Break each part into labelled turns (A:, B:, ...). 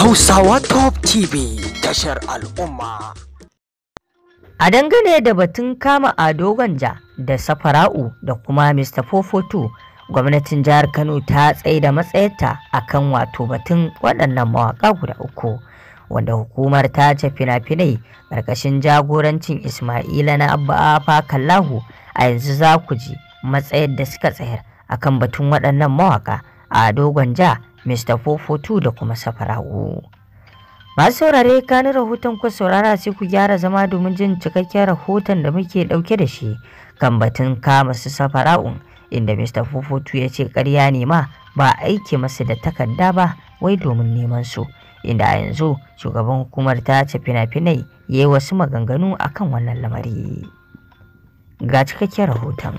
A: Hausawa Top TV tashar al'umma. A dangane da batun kama Ado Gwanja da Safara'u da kuma Mr. 442, gwamnatin jihar Kano ta tsaida matsayarta kan wato batun waɗannan mawaƙa guda uku. wanda hukumar ta ce fina-finai ƙarƙashin jagorancin Ismaila na Abba Afa Kallahu a yanzu za ku ji matsayar da suka tsayar akan batun waɗannan mawaƙa a Ado Gwanja Mr. Fofotu da kuma Safara'u. Masu saurare kanin rahoton ku saurara sai ku gyara zama domin jin cikakken rahoton da muke ɗauke da shi kan batun kama su Safarau, inda Mr. Fofotu ya ce ƙarya ne ma ba aiki masu da takarda ba wai domin neman su. Inda a yanzu shugaban hukumar ta ce fina-finai ya yi wasu maganganu akan wannan lamari. Ga cikakken rahoton.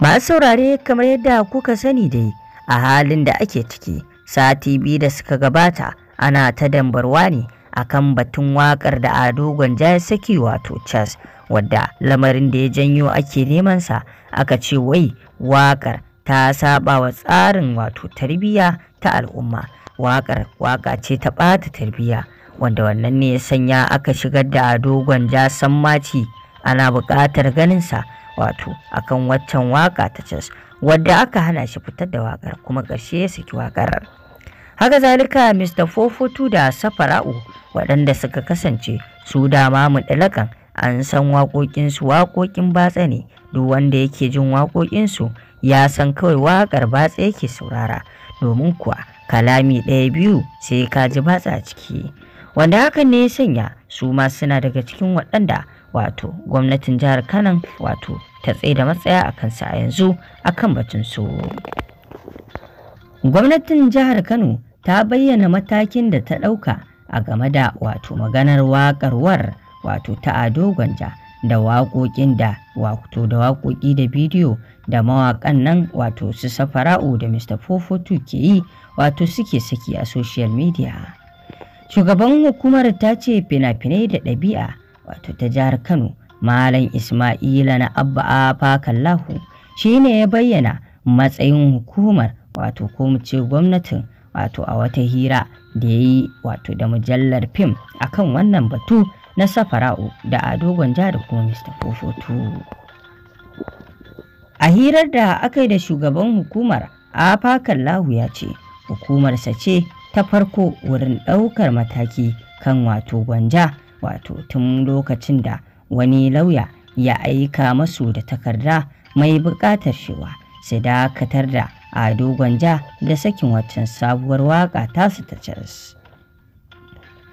A: Masu saurare kamar yadda kuka sani dai a halin da ake ciki sati biyu da suka gabata ana ta dambarwa ne akan batun wakar da ado gwanja ya saki wato chas wadda lamarin da ya janyo ake neman sa, aka ce wai wakar ta saba wa tsarin wato tarbiyya ta al'umma wakar waka ce ta ɓata tarbiyya wanda wannan ne ya sanya aka shigar da ado gwanja sammaci ana buƙatar ganinsa wato akan waccan waka ta cas wadda aka hana shi fitar da wakar kuma ƙarshe ya saki wakar haka zalika mr fofotu da safara'u waɗanda suka kasance su dama ɗalakan an san waƙoƙinsu waƙoƙin batsa ne duk wanda yake jin waƙoƙinsu ya san kawai waƙar batsa yake saurara domin kuwa kalami ɗaya biyu sai ka ji batsa ciki wanda hakan ne ya sanya su ma suna daga cikin waɗanda wato gwamnatin jihar Kano wato ta tsaye da matsaya a kansa a yanzu akan batun su gwamnatin jihar kano ta bayyana matakin da ta ɗauka a game da wato maganar waƙarwar wato ta ado gwanja da waƙoƙin da wato da waƙoƙi da bidiyo da mawaƙan nan wato su safara'u da mr fofo ke yi wato suke saki a social media shugaban hukumar ta ce fina-finai da ɗabi'a wato ta jihar kano malam ismaila na abba a fakallahu shi ne ya bayyana matsayin hukumar wato ko mu ce gwamnatin wato a wata hira da ya yi wato da mujallar fim akan wannan batu na safara'u da ado gwanja da kuma mr a hirar da aka yi da shugaban hukumar afa kallahu ya ce hukumarsa ce ta farko wurin ɗaukar mataki kan wato gwanja wato tun lokacin da wani lauya ya aika masu da takarda mai buƙatar cewa su dakatar da ado gwanja da sakin waccan sabuwar waƙa tasu ta cas.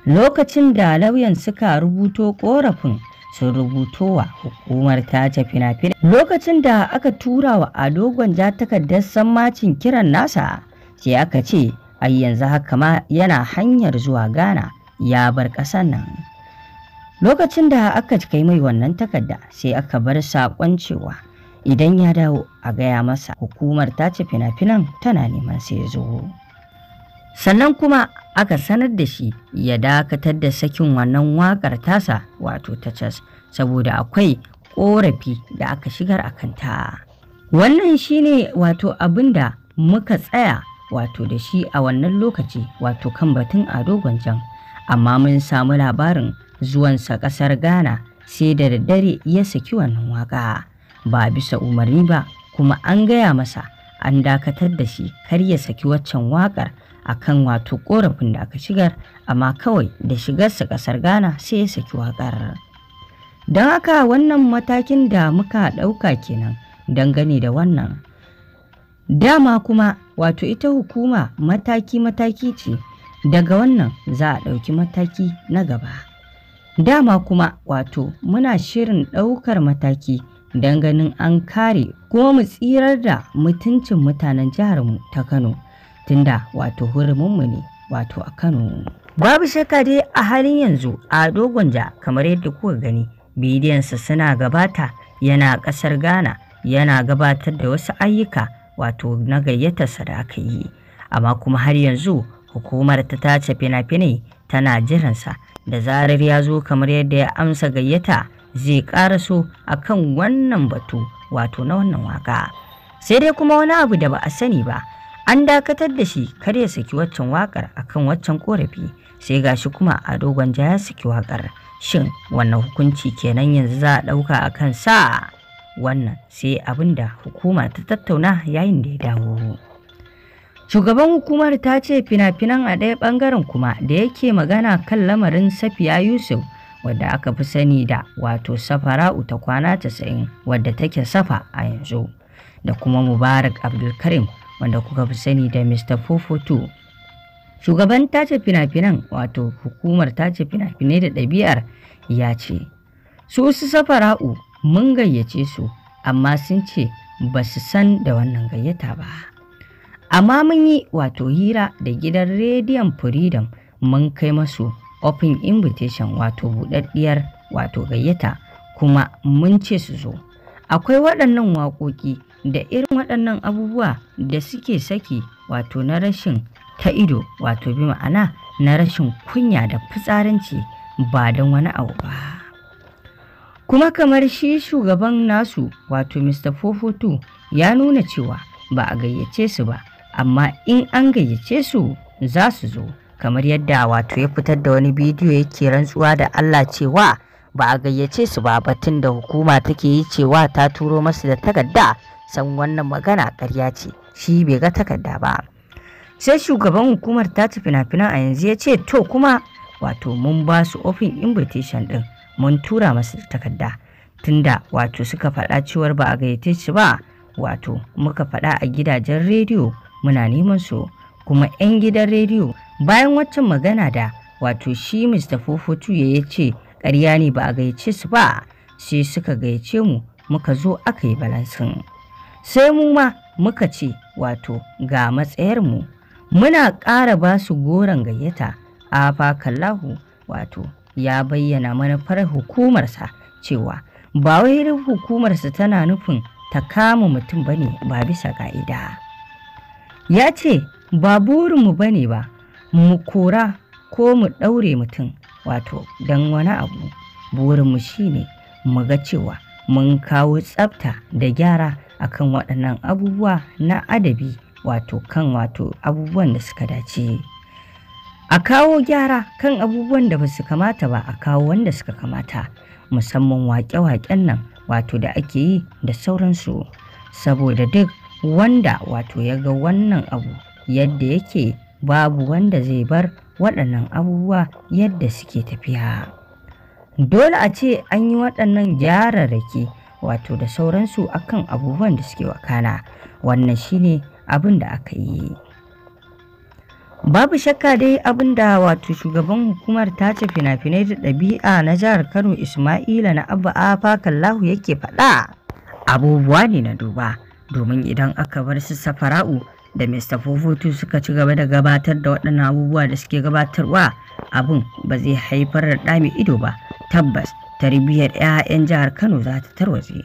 A: lokacin da lauyan suka rubuto korafin sun rubuto wa hukumar ta ce fina-finai lokacin da aka tura wa ado gwanja takardar sammacin kiran nasa sai aka ce ai yanzu haka ma yana hanyar zuwa Ghana ya bar ƙasar nan. Lokacin da aka kai mai wannan takarda sai aka bar saƙon cewa idan ya dawo a gaya masa hukumar ta ce fina-finan tana neman sai zo. Sannan kuma aka sanar da shi ya dakatar da sakin wannan waƙar tasa wato ta cas saboda akwai ƙorafi da aka shigar a kanta. Wannan shine wato abin da muka tsaya wato da shi a wannan lokaci wato kan batun ado gwanjan amma mun samu labarin zuwansa ƙasar ghana sai da daddare ya saki wannan waka ba bisa umarni ba kuma an gaya masa an dakatar da shi kar ya saki waccan wakar kan wato korafin da aka shigar amma kawai da shigarsa ƙasar ghana sai ya saki wakar don haka wannan matakin da muka ɗauka kenan dangane da wannan dama kuma wato ita hukuma mataki-mataki ce daga wannan za a ɗauki mataki na gaba dama kuma wato muna shirin ɗaukar mataki don ganin an kare kuma mu tsirar da mutuncin mutanen jiharmu ta kano tunda wato hurumunmu ne wato a kano babu shakka dai a halin yanzu a dogonja kamar yadda kuka gani bidiyonsa suna gabata yana ƙasar ghana yana gabatar da wasu ayyuka wato na gayyatarsa da aka yi amma kuma har yanzu hukumar ta tace fina-finai tana jiransa da zarar ya zo kamar yadda ya amsa gayyata zai karaso a kan wannan batu wato na wannan waka sai dai kuma wani abu da ba a sani ba an dakatar da shi kar ya saki waccan wakar kan waccan korafi sai gashi kuma a dogon ja ya saki wakar shin wannan hukunci kenan yanzu za a ɗauka a kan sa wannan sai abin da hukuma ta tattauna yayin da ya dawo shugaban hukumar ta ce fina-finan a ɗaya ɓangaren kuma da yake magana kan lamarin safiya yusuf wadda aka fi sani da wato safara'u ta kwana casa'in wadda take safa a yanzu da kuma mubarak abdulkarim wanda kuka fi sani da mr fofoto shugaban tace fina-finan wato hukumar ce fina-finai da ɗabi'ar ya ce su su safara'u mun gayyace su amma sun ce ba su san da wannan gayyata ba amma mun yi wato hira da gidan rediyon freedom mun kai masu open invitation wato buɗaɗɗiyar wato gayyata kuma mun ce su zo akwai waɗannan waƙoƙi da irin waɗannan abubuwa da suke saki wato na rashin ta ido wato bi ma'ana na rashin kunya da fitsarinci ba don wani abu ba. kuma kamar shi shugaban nasu wato mr 442 ya nuna cewa ba a gayyace su ba amma in an gayyace su za su zo kamar yadda wato ya fitar da wani bidiyo yake rantsuwa da allah cewa ba a gayyace su ba batun da hukuma take yi cewa ta turo masu da takarda san wannan magana karya ce shi bai ga takarda ba sai shugaban hukumar ta ci fina-finan a yanzu ya ce to kuma wato mun ba su ofin invitation din mun tura masu takarda tunda wato suka faɗa cewar ba a gayyace shi ba wato muka faɗa a gidajen rediyo muna neman su kuma 'yan gidan rediyo bayan waccan magana da wato shi mr fofotu ya ce ƙarya ne ba a gayyace su ba sai suka gayyace mu muka zo aka yi balansin sai mu ma muka ce wato ga matsayar mu muna ƙara ba su goron gayyata a fakallahu wato ya bayyana manufar hukumarsa cewa ba wai hukumarsa tana nufin ta kama mutum bane ba bisa ka'ida ya ce ba burinmu bane ba mu kora ko mu ɗaure mutum wato don wani abu burinmu ne mu ga cewa mun kawo tsabta da gyara akan waɗannan abubuwa na adabi wato kan wato abubuwan da suka dace. a kawo gyara kan abubuwan da ba su kamata ba a kawo wanda suka kamata musamman waƙe-waƙen nan wato da ake yi da sauransu saboda duk wanda wato ya ga wannan abu yadda yake babu wanda zai bar waɗannan abubuwa yadda suke tafiya dole a ce an yi waɗannan gyararraki wato da sauransu akan abubuwan da suke wakana wannan shine abin da aka yi babu shakka dai abin da wato shugaban hukumar tace fina-finai da ɗabi'a na jihar kano ismaila na abba afa kallahu yake faɗa abubuwa ne na duba domin idan aka bar su safara'u da mr fofutu suka ci gaba da gabatar da waɗannan abubuwa da suke gabatarwa abin ba zai haifar da ɗami ido ba tabbas tarbiyyar 'ya'yan jihar kano za ta tarwatse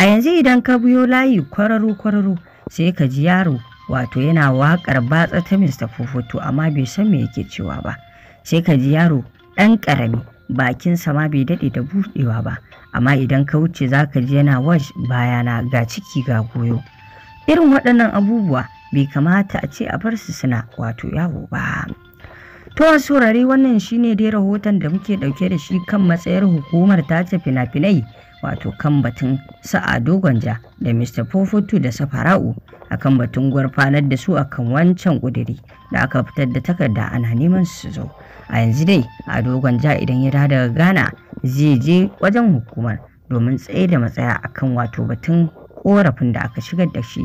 A: a yanzu idan ka biyo layi kwararu-kwararu sai ka ji yaro wato yana waƙar batsa ta Mr. Fufutu amma bai san me yake cewa ba sai ka ji yaro ɗan ƙarami bakinsa ma bai daɗe da buɗewa ba amma idan ka wuce za ka ji yana wash bayana ga ciki ga goyo irin waɗannan abubuwa bai kamata a ce a bar su suna wato yawo ba to a saurare wannan shine dai rahoton da muke ɗauke da shi kan matsayar hukumar tace fina-finai wato kan batun sa'a Gwanja da mr fofutu da safara'u a kan batun gwarfanar da su a kan wancan ƙudiri da aka fitar da takarda ana neman su zo a yanzu dai Ado Gwanja, idan ya daga ghana zai je wajen hukumar domin tsaye da matsaya a kan wato batun korafin da aka shigar da shi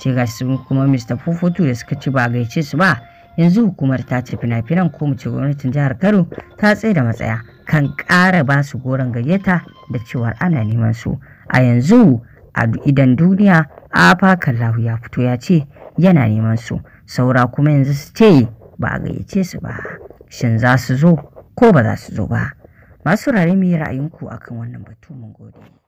A: ce ga su kuma mr fofutu da suka ci ba gaice su ba yanzu hukumar ta ce fina-finan ko mu gwamnatin jihar kano ta tsaye da matsaya kan ƙara ba su goron gayyata da cewar ana neman su a yanzu a idan duniya afa kallahu ya fito ya ce yana neman su saura kuma yanzu su ce ba a gayyace su ba shin za su zo ko ba za su zo ba masu rare mai ra'ayinku akan wannan batu mun gode